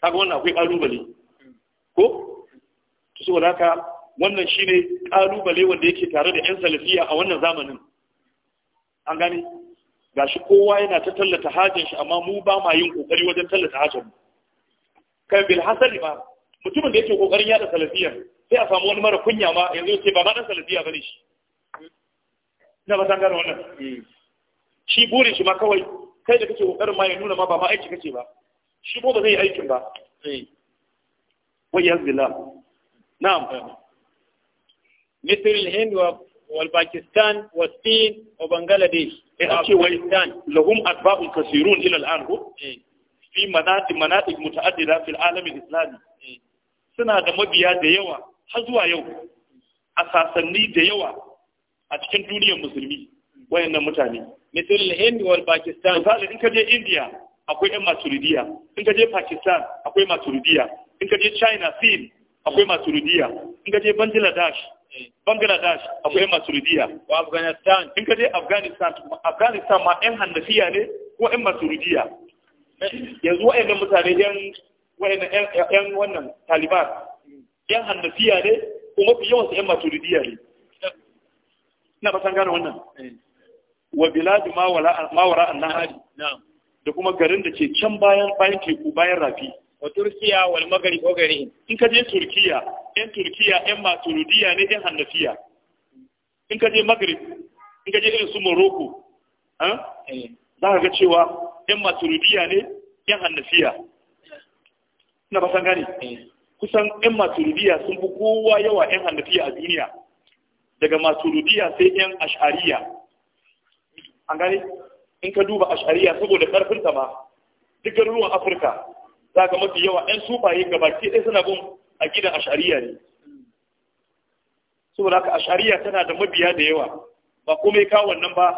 kaga wannan akwai ƙalubale ko to saboda haka wannan shine ƙalubale wanda yake tare da 'yan salafiya a wannan zamanin an gane gashi kowa yana ta tallata hajjin shi amma mu ba ma yin kokari wajen tallata hajjin kai bil hasali ba mutumin da yake kokarin yada salafiyar sai a samu wani mara kunya ma yanzu ce ba ma dan salafiya bane shi na ba tangar wannan hmm. shi burin shi ma kawai kai da kake kokarin ma ya nuna ma ba ma aiki kake ba shi ko ba zai yi aikin ba hmm. wai yanzu la na'am مثل الهند والباكستان والصين وبنغلاديش وباكستان لهم أتباع كثيرون إلى الآن في مناطق مناطق متعددة في العالم الإسلامي suna da mabiya da yawa har zuwa yau a sasanni da yawa a cikin duniyar musulmi wayannan mutane misal hindi wal pakistan misali in ka je india akwai yan maturidiya in ka je pakistan akwai maturidiya in ka je china sin akwai maturidiya in ka je bangladesh eh. bangladesh akwai yan maturidiya wa afghanistan in ka je afghanistan afghanistan ma yan hannafiya ne ko yan maturidiya eh. yanzu wayannan mutane yan wayannan yan wannan taliban yan hannafiya ne ko mafi yawansu yan maturidiya ne ina ba san gane wannan eh. wa biladu ma wara an nahari da kuma garin da ke can bayan bayan teku bayan rafi wa turkiya wal magari ko gari in ka je turkiya yan turkiya yan maturidiya ne yan hannafiya in ka je magari in ka je irin su morocco eh. za ka ga cewa yan maturidiya ne yan hannafiya ina ba san gane eh. kusan 'yan maturidiya sun fi kowa yawa 'yan hannafiya a duniya daga maturidiya sai 'yan ashariya an gani in ka duba ashariya saboda karfinta ma duk garuruwan afirka za ka mafi yawa 'yan sufaye gabaki ɗaya suna bin a gidan ashariya ne saboda haka ashariya tana da mabiya da yawa ba komai kawo wannan ba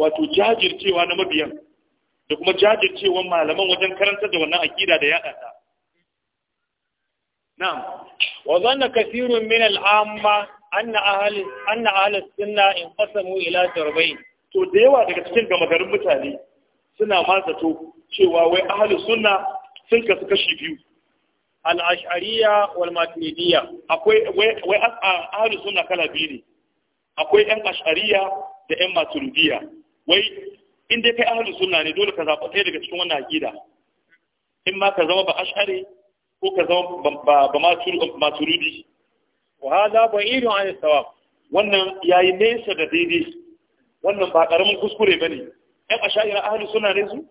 wato jajircewa na mabiyan da kuma jajircewan malaman wajen karanta da wannan akida da ya ta نعم وظن كثير من العامة أن أهل أن أهل السنة انقسموا إلى دربين to da yawa daga cikin gama mutane suna ma zato cewa wai ahlus sunna sun kasu kashi biyu al-ash'ariyya wal maturidiyya akwai wai wai ahlus kala biyu ne akwai yan ash'ariyya da yan maturidiyya wai in dai kai ahlus sunna ne dole ka zaɓa ɗaya daga cikin wannan gida? in ma ka zama ba ash'ari ko ka zama ba maturidi wa hada ba irin an sawab wannan yayi nesa da daidai wannan ba karamin kuskure bane yan asha'ira ahli sunna ne su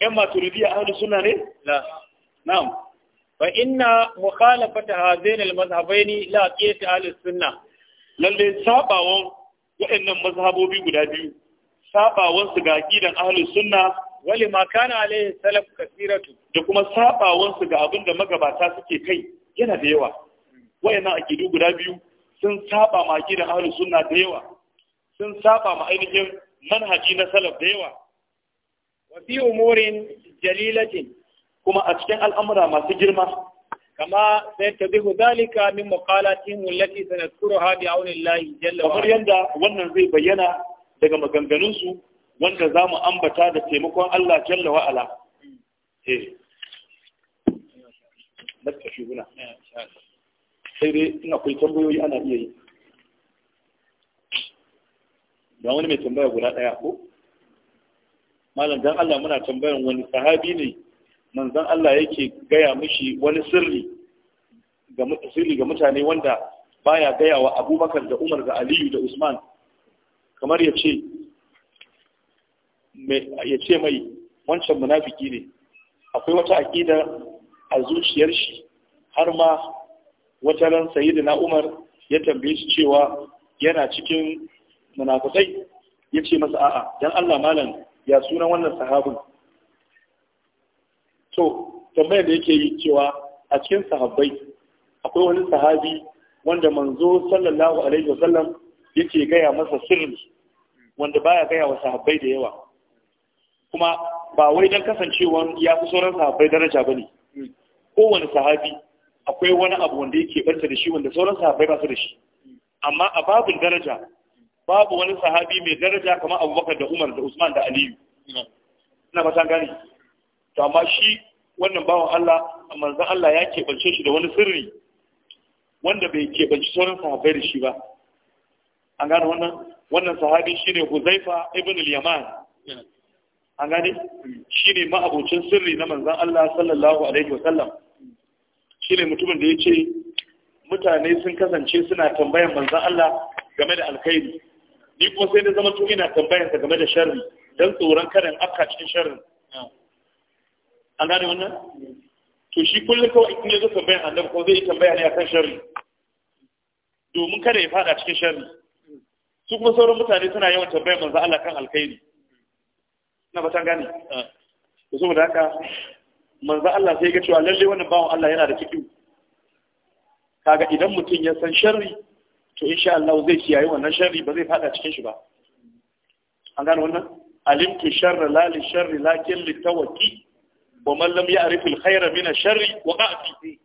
yan maturidi ahli sunna ne na'am fa inna mukhalafata hadain al-madhhabain la qiyas ahli sunna lalle sabawon waɗannan mazhabobi guda biyu sabawon su ga gidan ahli sunna wali ma kana alaihi salaf kasiratu da kuma sabawansu ga abinda magabata suke kai yana da yawa wayannan akidu guda biyu sun saba ma gidan ahlu sunna da yawa sun saba ma ainihin manhaji na salaf da yawa wa fi umurin jalilatin kuma a cikin al'amura masu girma kama sai ta bihu zalika min maqalatin allati sanadkuruha bi aunillahi jalla wa kamar yanda wannan zai bayyana daga maganganunsu wanda za mu ambata da taimakon Allah jalla wa'ala eh lakta shi guna sai dai in akwai tambayoyi ana iya yi Da wani mai tambaya guda ɗaya ko malam dan Allah muna tambayan wani sahabi ne manzan Allah yake gaya mushi wani sirri ga sirri ga mutane wanda baya gaya wa Abubakar da Umar da Aliyu da Usman kamar ya ce ya ce mai wancan munafiki ne akwai wata aƙida a zuciyar shi har ma wata ran na Umar ya tambaye shi cewa yana cikin munafikai ya ce masa a'a don Allah malam ya sunan wannan sahabin to tambayar da yake yi cewa a cikin sahabbai akwai wani sahabi wanda manzo sallallahu alaihi wasallam yake gaya masa sirri wanda baya gaya wa sahabbai da yawa kuma ba wai don kasancewa ya fi sauran sahabbai daraja ba ne kowane sahabi akwai wani abu wanda yake barta da shi wanda sauran sahabbai ba su da shi amma a babin daraja babu wani sahabi mai daraja kamar abubakar da umar da usman da aliyu ina ba san gani to amma shi wannan bawan Allah manzon Allah ya keɓance shi da wani sirri wanda bai keɓanci sauran sahabbai da shi ba an gane wannan wannan sahabi shine Huzaifa ibn al-Yaman an gane shi ne ma'abocin sirri na manzan Allah sallallahu alaihi wasallam shi ne mutumin da ya ce mutane sun kasance suna tambayan manzan Allah game da alkhairi ni kuma sai na zama tuni ina tambayan sa game da sharri don tsoron karin afka cikin sharri an gane wannan to shi kullum kawai in zo tambayan annabi ko zai tambaya ne akan sharri domin kada ya fada cikin sharri su kuma sauran mutane suna yawan tambayan manzan Allah kan alkhairi na batan gane da da haka manzo Allah sai ga cewa lalle wannan bawon Allah yana da fiqh kaga idan mutum ya san sharri to insha Allah zai kiyaye wannan sharri ba zai fada cikin shi ba an gane wannan alimtu sharra la li sharri lakin li tawqi wa man lam ya'rif al khayra min al sharri wa qa'fi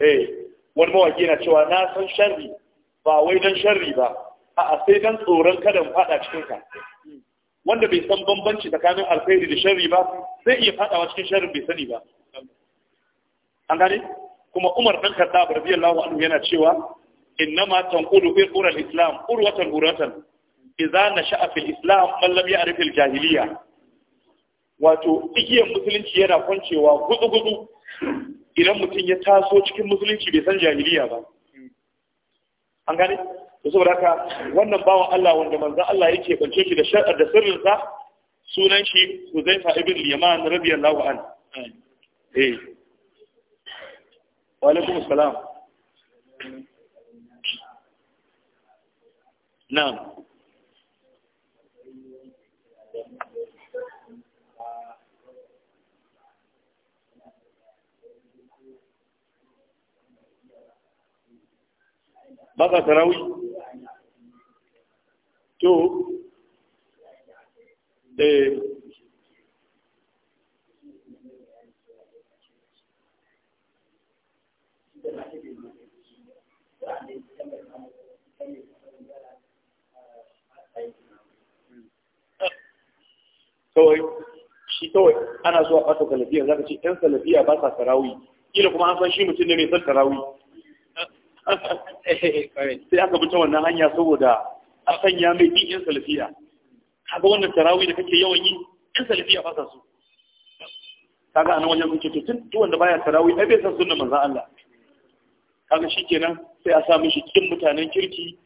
eh wani mawaki yana cewa na san sharri ba wai dan sharri ba a'a sai dan tsoron kada mu fada cikin ka wanda bai san bambanci tsakanin alkhairi da sharri ba zai iya fadawa cikin sharrin bai sani ba an gane kuma Umar dan Khattab radiyallahu anhu yana cewa innama tanqulu fi qura al-islam urwatan uratan idza nasha'a fil islam man lam ya'rif al-jahiliya wato igiyar musulunci yana kwancewa gudu-gudu idan mutum ya taso cikin musulunci bai san jahiliya ba an gane to saboda haka wannan bawan Allah wanda manzan Allah yake bance shi da shaɗar da sirrinsa. sunan shi Uzaifa ibn Yaman radiyallahu an eh wa alaikum assalam na'am ba tarawih to eh kawai shi kawai ana zuwa fata salafiya za ka ce ‘yan salafiya ba sa sarawi kila kuma an san shi mutum ne mai son sarawi eh, eh, eh, sai aka bi ta wannan hanya saboda a sanya mai din yan salafiya kaga wannan tarawih da kake yawan yi yan salafiya ba sa so kaga anan wajen kuke tutun tun wanda baya tarawih ai bai san sunnar manzon Allah kaga shikenan sai a sa mishi cikin mutanen kirki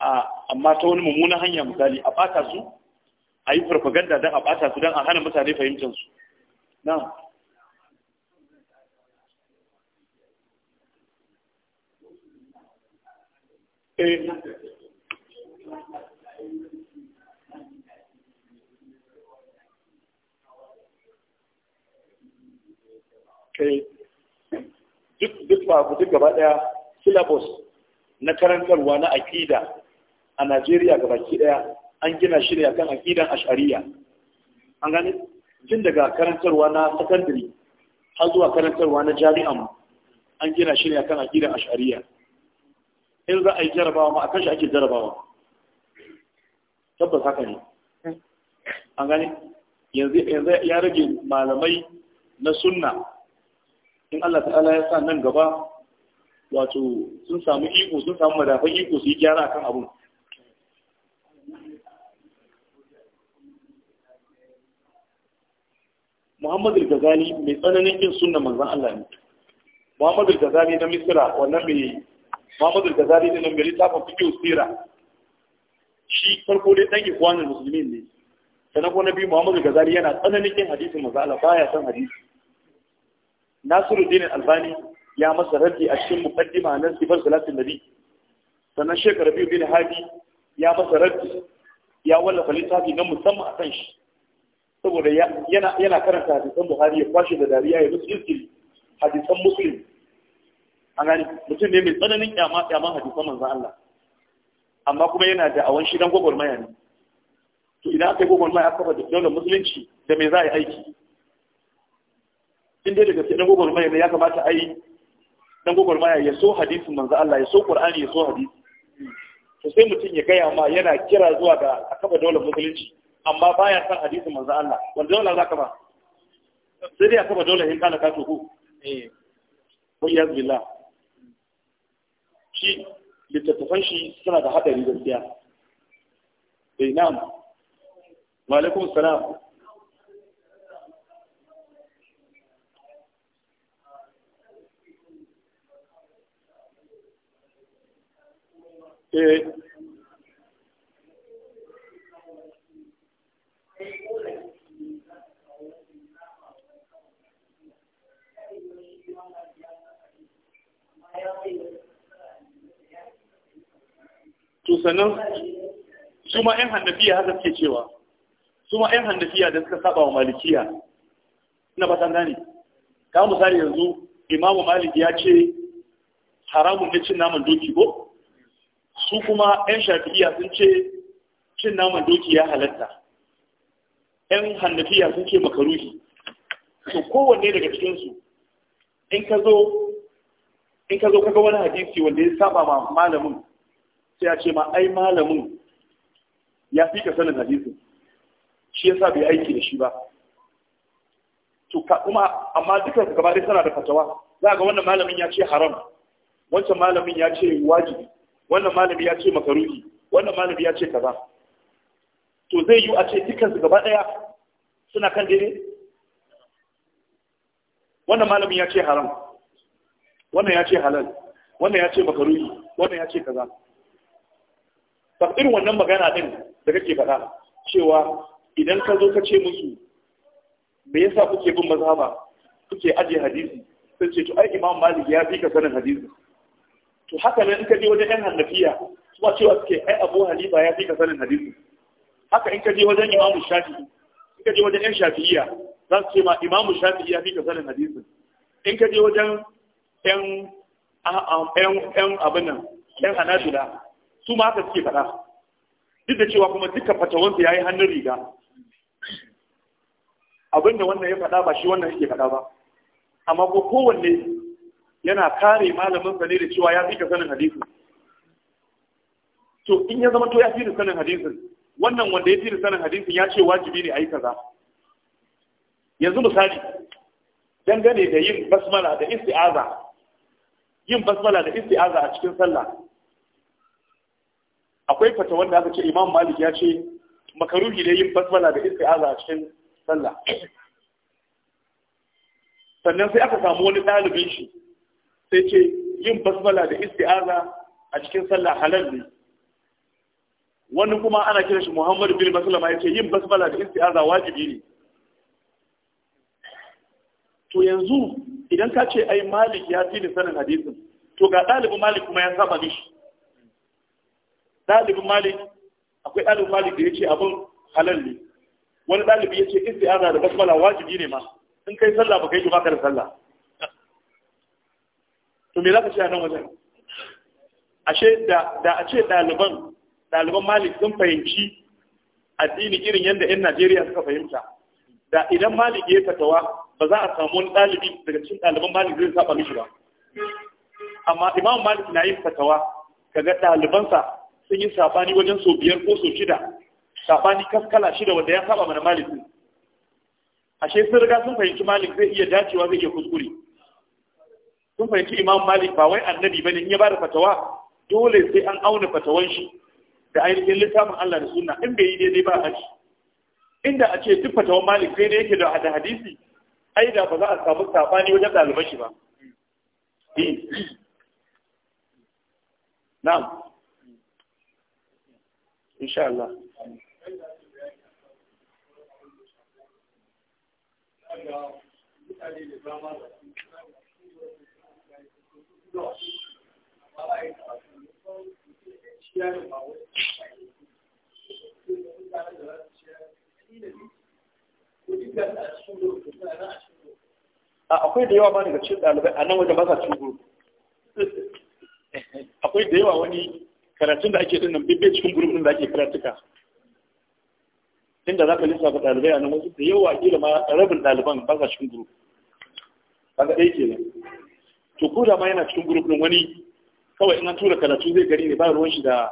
a amma ta wani mummunan hanya misali a bata su a yi farfaganda don a bata su don a hana mutane fahimtar su na eh kai duk duk ba duk gaba daya syllabus na karantarwa na aqida a Najeriya gaba daya an gina shi ne akan aqidan ash'ariyya an gane tun daga karantarwa na secondary har zuwa karantarwa na jami'an an gina shi ne akan aqidan ash'ariyya in za a yi jarabawa ma akan shi ake jarabawa tabbas haka ne an gane yanzu ya rage malamai na sunna in Allah ta'ala ya sa nan gaba wato sun samu iko sun samu madafan iko su yi gyara kan abun Muhammadu gazali mai tsananin yin sunna manzan Allah ne Muhammadu gazali na misira, wannan mai Muhammadu al-Ghazali na mai littafin fiqh sira shi farko dai ɗan ikwanin musulmin ne sanan na biyu Muhammadu gazali yana tsananin yin hadisin manzon Allah baya san hadisi nasiruddin albani ya masa raddi a cikin muqaddima na sifar salatin nabi sannan shek Rabi bin hadi ya masa raddi ya wallafa littafi na musamman akan shi saboda yana karanta hadisan buhari ya kwashe da dariya ya musu iskili hadisan muslim a gani mutum ne mai tsananin kyama kyaman hadisan manzan Allah amma kuma yana da awon shi dan gwagwarmaya ne to idan aka yi gwagwarmaya aka fada daular musulunci da me za a yi aiki in dai da gaske dan gwagwarmaya mai ya kamata ai dan gwagwarmaya ya so hadisin manzo Allah ya so Qur'ani ya so hadisi to sai mutum ya gaya ma yana kira zuwa ga a dole daular musulunci amma baya san hadisin manzo Allah wanda dole za ka ba sai dai a dole daular hin kana ka ku. eh ko ya billah shi littattafan shi suna da hadari gaskiya eh na'am wa alaikum assalam Eh, to sannan su ma 'yan hannafiya haka suke cewa su ma 'yan hannafiya da suka saba wa malikiya na ba gane ka misali yanzu imamu malik ya ce haramun ne cin naman doki ko su kuma 'yan shafiya sun ce cin naman doki ya halatta 'yan hannafiya sun ce makaruhi to kowanne daga cikinsu in ka zo kaga wani hadisi wanda ya saba ma malamin sai ya ce ma ai malamin ya fi ka sanin hadisin shi ya bai aiki da shi ba kuma amma dukkan gaba dai suna da fatawa za ga wannan malamin ya ce haram wancan malamin ya ce wajibi wannan malami ya ce makaruki wannan malami ya ce kaza to zai yi a ce dukkan su gaba daya suna kan daidai wannan malamin ya ce haram wannan ya ce halal wannan ya ce makaruki wannan ya ce kaza ba irin wannan magana din da kake faɗa cewa idan ka zo ka ce musu me yasa kuke bin mazhaba kuke aje hadisi sai ce to ai imam malik ya bi ka sanin hadisi to haka ne in ka je wajen yan hannafiya kuma cewa suke ai abu haliba ya fi ka sanin hadisi haka in ka je wajen imamu shafi'i in ka je wajen yan shafi'iya za su ce ma imamu shafi'i ya fi ka sanin hadisi in ka je wajen yan ah, ah, yan abin nan yan hanafiya su ma haka suke faɗa duk da cewa kuma duka fatawansu ya yi hannun riga abinda wannan ya faɗa ba shi wannan yake faɗa ba amma ko kowanne yana kare malamin sa ne da cewa ya fi ka sanin hadisin to in ya zama to ya fi da sanin hadisin wannan wanda ya fi da sanin hadisin ya ce wajibi ne a yi kaza yanzu misali dangane da yin basmala da isti'aza yin basmala da isti'aza a cikin sallah akwai fata wanda aka ce imam malik ya ce makaruhi da yin basmala da isti'aza a cikin sallah sannan sai aka samu wani ɗalibin shi sai ce yin basmala da isti'aza a cikin sallah halal ne wani kuma ana kira shi Muhammad bin Maslama yace yin basmala da isti'aza wajibi ne to yanzu idan ka ce ai Malik ya fi sanin hadisin to ga ɗalibin Malik kuma ya saba mishi dalibin Malik akwai ɗalibin Malik da yace abin halal ne wani dalibi yace isti'aza da basmala wajibi ne ma in kai sallah ba kai ba ka da sallah to me za ka ce a nan wajen ashe da a ce ɗaliban ɗaliban malik sun fahimci addini irin yadda 'yan najeriya suka fahimta da idan malik ya fatawa ba za a samu wani ɗalibi daga cikin ɗaliban malik zai saba mishi ba amma imam malik na yin fatawa kaga ɗalibansa sun yi sabani wajen so biyar ko so shida sabani kaskala shida wanda ya saba mana malik ashe sun riga sun fahimci malik zai iya dacewa zai iya kuskure sun fahimci imam malik ba wai annabi bane in ya bada fatawa dole sai an auna fatawan shi da ainihin littafin Allah da sunna in bai yi daidai ba a shi inda a ce duk fatawan malik sai dai yake da hadisi ai da ba za a samu sabani wajen ɗalibai shi ba na'am insha Allah Thank you. akwai da yawa ma daga cikin ɗalibai a nan wajen ba sa cikin gurbi akwai da yawa wani karatun da ake dinnan bibbe cikin gurbin da ake karatuka inda za ka ga ɗalibai a nan wajen da yawa kila ma rabin ɗaliban ba sa cikin gurbi ga ɗaya nan to ko da ma yana cikin group din wani kawai in an tura karatu zai gari ne ba ruwan shi da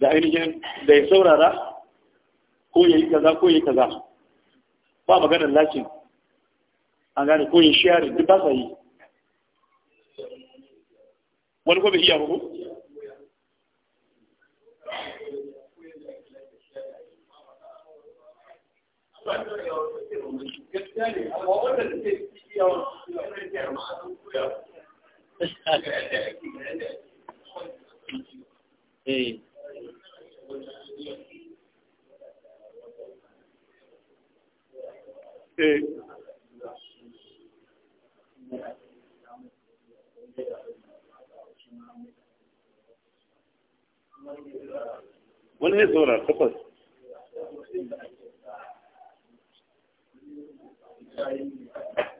da ainihin da ya saurara ko ya yi kaza ko ya yi kaza ba maganar lakin an gane ko ya share duk ba sa yi wani ko bai iya ba Gaskiya Eh. Eh. wani ne zaura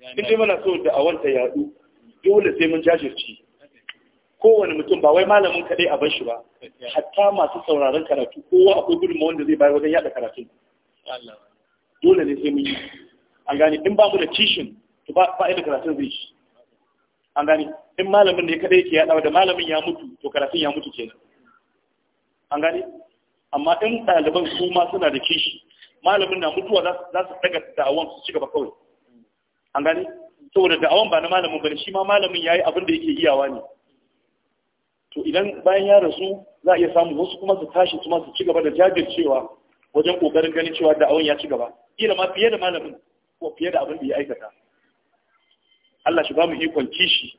in mana muna so da awanta ta yadu dole sai mun jajirci kowane mutum ba wai malamin kaɗai a shi ba hatta masu sauraron karatu kowa akwai gudunmawa wanda zai bayar wajen yada karatu dole ne sai mun yi an gani in ba mu da kishin to ba ba inda karatun zai shi an gani in malamin ne kaɗai yake yadawa da malamin ya mutu to karatun ya mutu kenan an gani amma in ɗaliban su ma suna da kishi malamin na mutuwa za su daga awon su ci gaba kawai an gani saboda awon ba na malamin bane shi ma malamin yayi abin da yake iyawa ne to idan bayan ya rasu za a iya samu wasu kuma su tashi kuma su ci da jajircewa wajen kokarin ganin cewa awon ya ci kila ma fiye da malamin ko fiye da abin da ya aikata Allah shi ba mu ikon kishi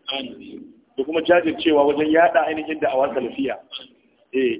da kuma jajircewa wajen yada ainihin da'awa salafiya eh